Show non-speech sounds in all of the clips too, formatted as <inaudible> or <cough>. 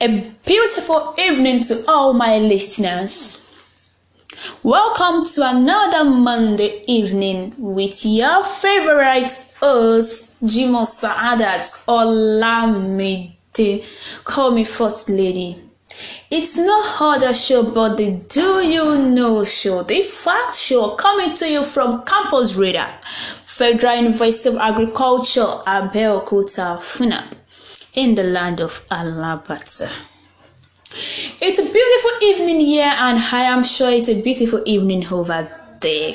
A beautiful evening to all my listeners. Welcome to another Monday evening with your favorite host, Jimo Saadat Olamide. Call me First Lady. It's no other show but the Do You Know show, the fact show coming to you from Campus Radar, Federal University of Agriculture, Abeokuta, Funab in the land of Alabata. It's a beautiful evening here, and I am sure it's a beautiful evening over there.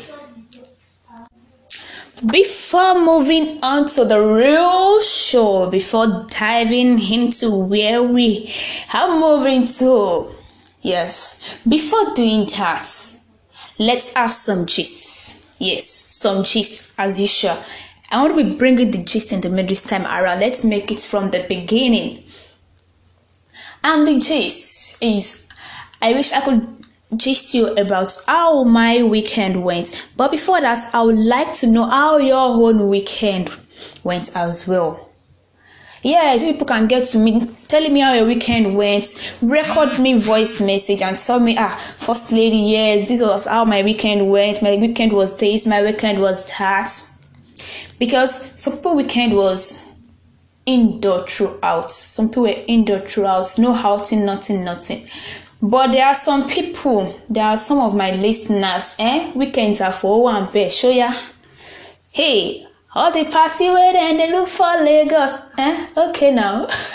Before moving on to the real show, before diving into where we are moving to, yes, before doing that, let's have some gists. Yes, some gists as usual. I want to be bringing the gist in the middle this time around. Let's make it from the beginning. And the gist is I wish I could gist you about how my weekend went. But before that, I would like to know how your own weekend went as well. Yes, people can get to me telling me how your weekend went, record me voice message and tell me, ah, first lady, yes, this was how my weekend went, my weekend was this, my weekend was that because some people weekend was indoor throughout. Some people were indoor throughout, no outing, nothing, nothing. But there are some people, there are some of my listeners, eh? Weekends are for one pair. show ya. Hey, all the party where and they look for Lagos. Eh? Okay now. <laughs>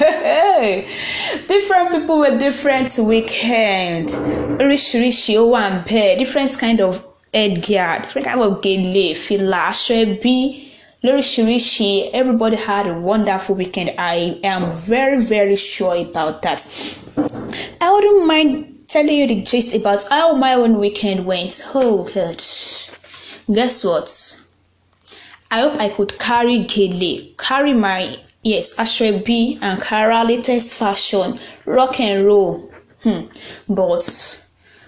different people with different weekend. Rich rich you one pair, different kind of Edgard, different kind of gèlè, fìlà, aṣọ Lori lóríṣiríṣi. Everybody had a wonderful weekend. I am very, very sure about that. I wouldn't mind telling you the gist about how my own weekend went. Oh, God. Guess what? I hope I could carry gèlè, carry my yes, aṣọ and Kara latest fashion, rock and roll. Hmm. But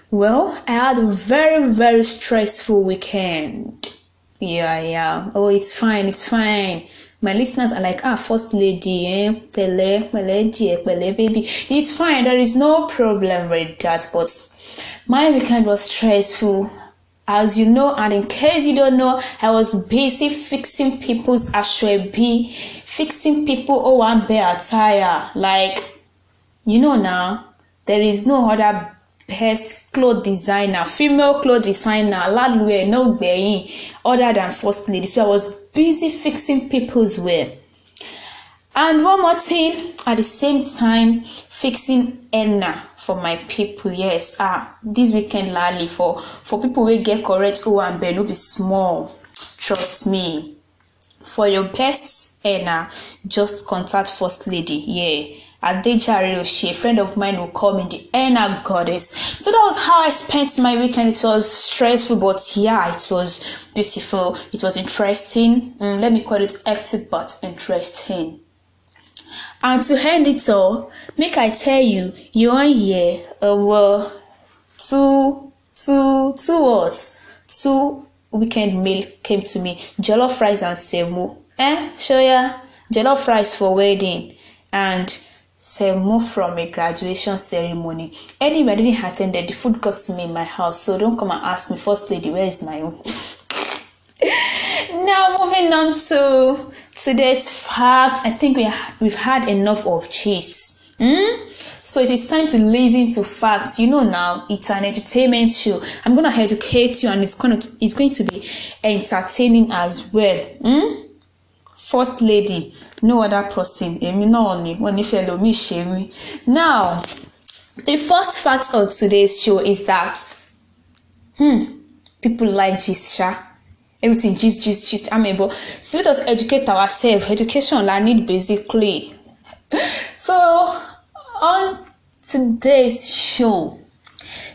well, I had a very, very stressful weekend. Yeah, yeah. Oh, it's fine, it's fine. My listeners are like, ah, first lady, eh? Pele, Pele, dear, Pele, baby. It's fine, there is no problem with that. But my weekend was stressful. As you know, and in case you don't know, I was busy fixing people's ashwebi, fixing people oh one their attire. Like, you know now, there is no other best cloth designer female cloth designer alálùú no náà other than first lady so i was busy fixing people's wear and one more thing at the same time fixing Anna for my people yes ah this weekend lally for for people will get correct owambe no be small trust me for your best Anna, just contact first lady yeah Adeja Rioshi, a friend of mine will call me the inner goddess. So that was how I spent my weekend. It was stressful, but yeah, it was beautiful. It was interesting. Mm, let me call it active, but interesting. And to end it all, make I tell you, you on here uh, over two, two, two words, Two weekend meal came to me: jollof rice and semu. Eh, show ya jollof rice for wedding and ceremony from a graduation ceremony. Anyway, I didn't attend it. The food got to me in my house, so don't come and ask me, first lady, where is my own? <laughs> now, moving on to today's facts. I think we, we've had enough of cheats. Hmm? So it is time to listen to facts. You know now it's an entertainment show. I'm gonna educate you, and it's gonna it's going to be entertaining as well. Hmm? first lady no other person èmi náà ni wọn nífẹ̀ẹ́ lomi ṣe mí now the first fact of today's show is that hmm, people like gist sha everything gist gist gist I mean but so let us educate ourselves education la need basically <laughs> so on today's show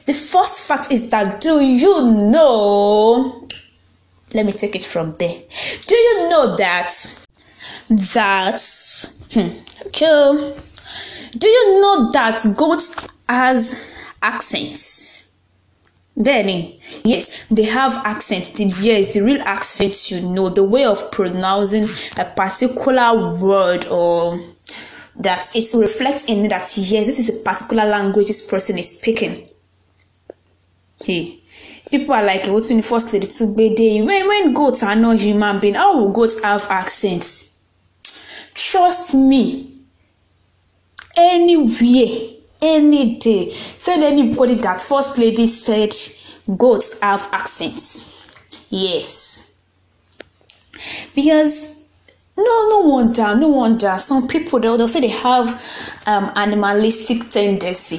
the first fact is that do you know let me take it from there do you know that that hmm, okay do you know that goats has accents Benny, yes, they have accents. The, yes, the real accent you know, the way of pronouncing a particular word or that it reflects in that yes, this is a particular language this person is speaking. Hey, people are like, what's in the first lady to be day? When when goats are not human being, how goats have accents? Trust me. Anywhere, any day. Tell anybody that First Lady said goats have accents. Yes. Because no no wonder no wonder some people they'll, they'll say they have um animalistic tendency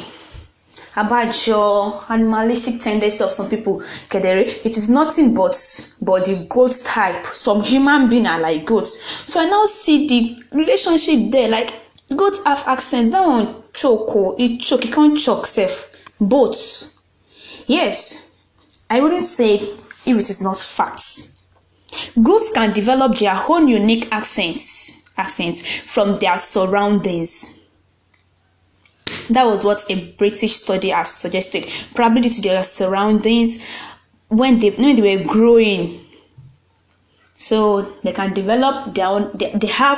about your animalistic tendency of some people kedere it is nothing but but the goat type some human being are like goats so i now see the relationship there like goats have accents. that one choke it choke It can't choke sef both yes i wouldn't say it if it is not facts. goats can develop their own unique accents accents from their surroundings that was what a British study has suggested, probably due to their surroundings when they when they were growing. So they can develop their own. They, they have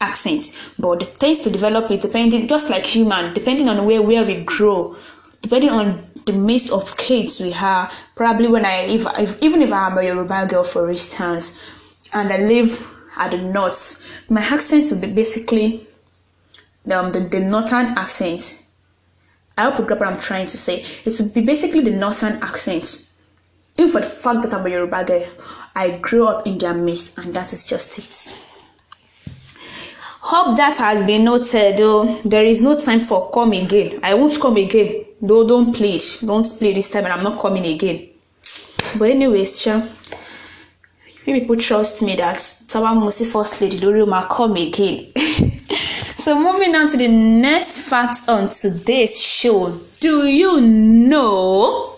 accents, but the taste to develop is depending, just like human, depending on where where we grow, depending on the mix of kids we have. Probably when I if, if even if I'm a Yoruba girl, for instance, and I live at the north, my accent will be basically um, the, the northern accent I hope you grab what I'm trying to say. It would be basically the northern accent. Even for the fact that I'm a Yoruba girl, I grew up in their midst, and that is just it. Hope that has been noted. Though there is no time for come again. I won't come again. Though no, don't play it. Don't play this time, and I'm not coming again. But anyways, sure. People trust me that Tawa Musi first lady Lori will come again. <laughs> So, moving on to the next fact on today's show. Do you know?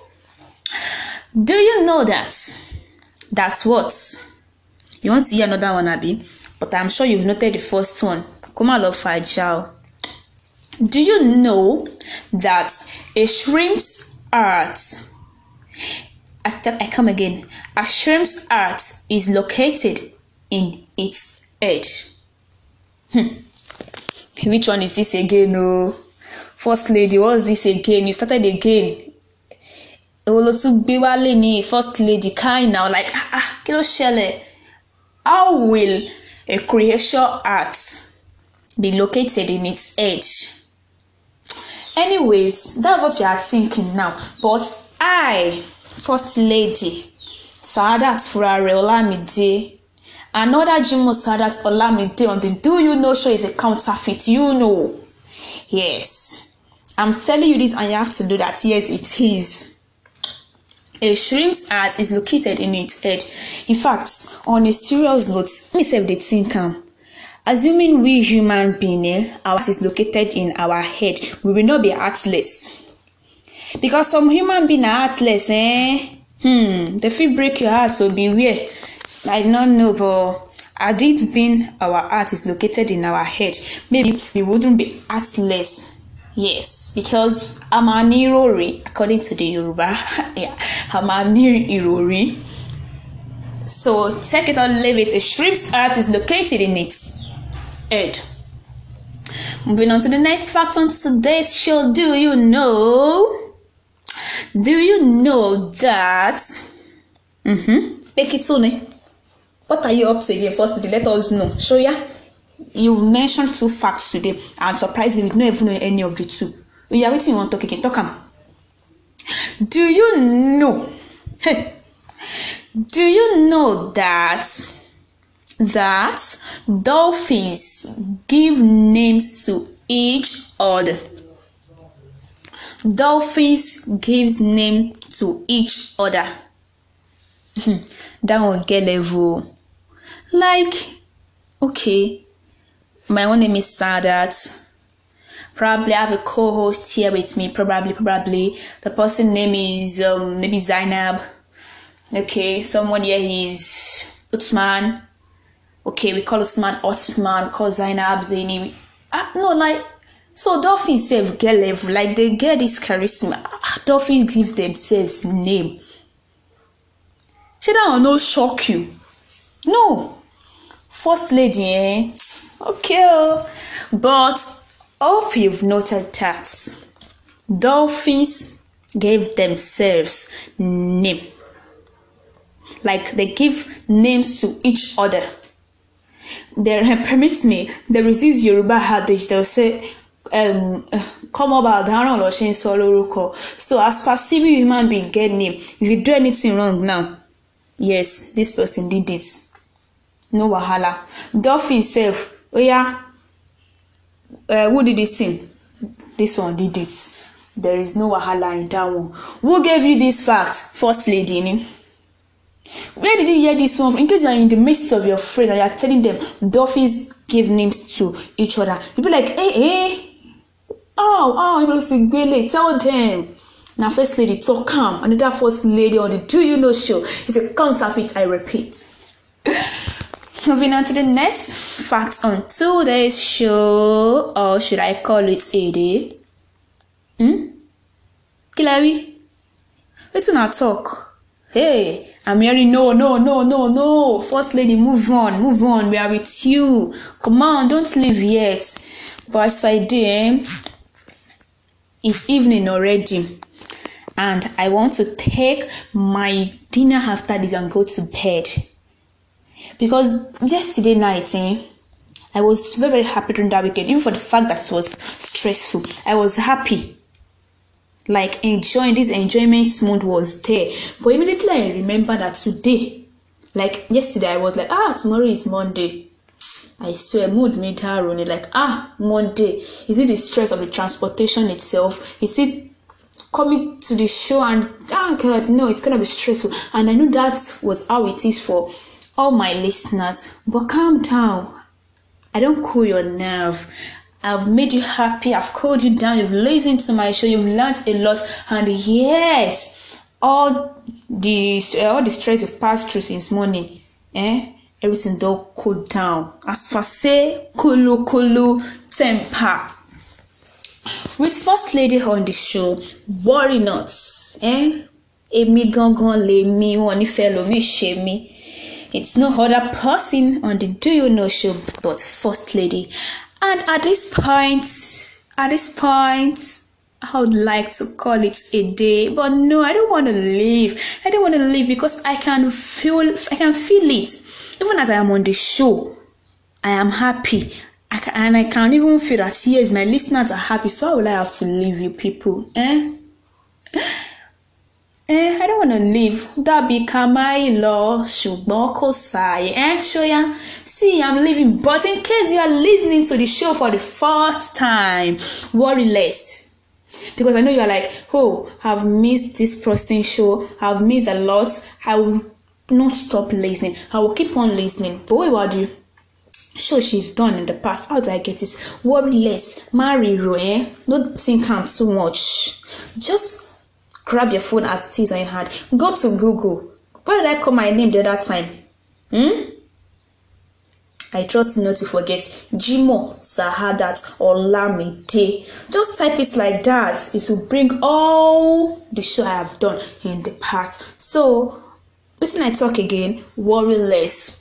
Do you know that? That's what? You want to hear another one, Abby? But I'm sure you've noted the first one. Come on, love, fragile. Do you know that a shrimp's art? I, I come again. A shrimp's art is located in its head. Hmm. which one is this again o oh? first lady what's this again you started again èwo ló tún first lady kind now like ah ah kí ló how will a creation art be located in its edge anyways that's what you are thinking now but i first lady Saadat fúra rẹ̀ Ọlámídé Another Jimo Sadat Olamide on the Do You Know show is a counterfeit. You know. Yes. I'm telling you this and you have to do that. Yes, it is. A shrimp's heart is located in its head. In fact, on a serious note, me self the think Assuming we human being, eh, our is located in our head, we will not be heartless. Because some human being are heartless, eh? Hmm, they feel break your heart so be I not know, but had it been our heart is located in our head, maybe we wouldn't be heartless. Yes, because Irori, according to the Yoruba, <laughs> yeah, Irori. So take it or leave it. A shrimp's heart is located in its head. Moving on to the next fact on today's show. Do you know? Do you know that? Mm-hmm. Pekitune what are you up to again? First, let us know. So yeah, you've mentioned two facts today, and surprisingly, we don't even know any of the two. We oh, are waiting. You want to talk again? Talk on. Do you know? Hey, <laughs> do you know that that dolphins give names to each other? Dolphins gives name to each other. Hmm, that one get level like okay my own name is sadat probably I have a co-host here with me probably probably the person name is um, maybe zainab okay someone here is utman okay we call usman utman call zainab zaini ah, no like so dolphins save get level like they get this charisma ah, dolphins give themselves name should i not shock you no first lady eh okay oh but hope you've noted that dolphins gave themselves name like they give names to each other there <laughs> permits me there is this yoruba adage they'll say um, come about down or change solo ruko." So as per civil human being get name, if you do anything wrong now, yes, this person did it no wahala dolphin sef oya uh, who did this thing this one did it there is no wahala in that one who gave you this fact first lady ni where did you hear this one from in case you are in the midst of your friends and you are telling them dolphins give names to each other you be like eh, eh. oh oh ibosigbele tell them na first lady talk calm. another first lady on the do you know show is a counterfeit i repeat. <laughs> <laughs> Moving on to the next fact on today's show, or should I call it a day? Hmm? Kilawi? we do not talk. Hey, I'm hearing no, no, no, no, no. First lady, move on, move on. We are with you. Come on, don't leave yet. But as I did, it's evening already. And I want to take my dinner after this and go to bed because yesterday night, eh, I was very, very happy during that weekend, even for the fact that it was stressful. I was happy. Like enjoying this enjoyment mood was there. But immediately I remember that today, like yesterday, I was like, ah, tomorrow is Monday. I swear, mood made her run like, ah, Monday. Is it the stress of the transportation itself? Is it coming to the show and ah god no it's gonna be stressful and i know that was how it is for all my listeners, but calm down. I don't cool your nerve. I've made you happy, I've cooled you down, you've listened to my show, you've learned a lot, and yes, all the all the stress you've passed through since morning, eh? Everything do cool down. As for say, kulu kulu temper. With first lady on the show, worry not, eh? Èmi gangan lèmi wọn nífẹ̀ẹ́ lómi shame mí. It's no other person on the Do You Know show but First Lady. And at this point, at this point, I would like to call it a day, but no, I don't want to leave. I don't want to leave because I can feel, I can feel it. Even as I am on the show, I am happy. I can, and I can even feel that yes, my listeners are happy. So I would like have to leave you people, eh? don't want to leave. That become kamai law. shuboko sai. Eh, Shoya? See, I'm leaving. But in case you are listening to the show for the first time, worry less. Because I know you are like, oh, I've missed this person show. I've missed a lot. I will not stop listening. I will keep on listening. But what do you? show she's done in the past how do i get it worry less marry eh? don't think am too much just grab your phone as it is on your hand. Go to Google. Where did I call my name the other time? Hmm? I trust you not to forget Jimo Sahadat or Lamide. Just type it like that. It will bring all the show I have done in the past. So, listen, I talk again, worry less.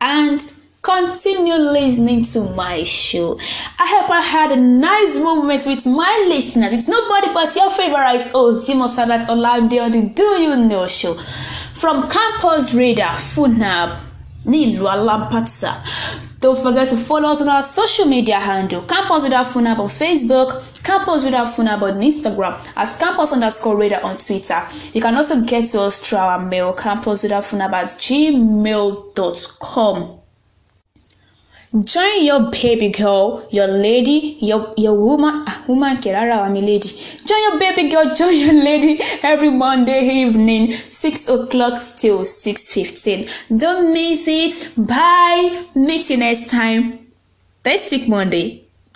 And Continue listening to my show. I hope I had a nice moment with my listeners. It's nobody but your favorite host, Jim Osadat Olamide on the Do You Know show from Campus Radar, Funab, Nilu Alampatsa. Don't forget to follow us on our social media handle Campus Radar Funab on Facebook, Campus Radar Funab on Instagram, at Campus underscore Radar on Twitter. You can also get to us through our mail, Campus Radar Funab at gmail.com. join your baby girl your lady your your woman ah woman kẹ rárá wa mi lady join your baby girl <laughs> join your lady every monday evening six o'clock till six fifteen don't miss it bye meet you next time next week monday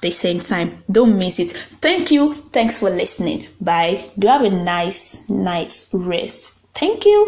the same time don't miss it thank you thanks for listening bye do have a nice night rest thank you.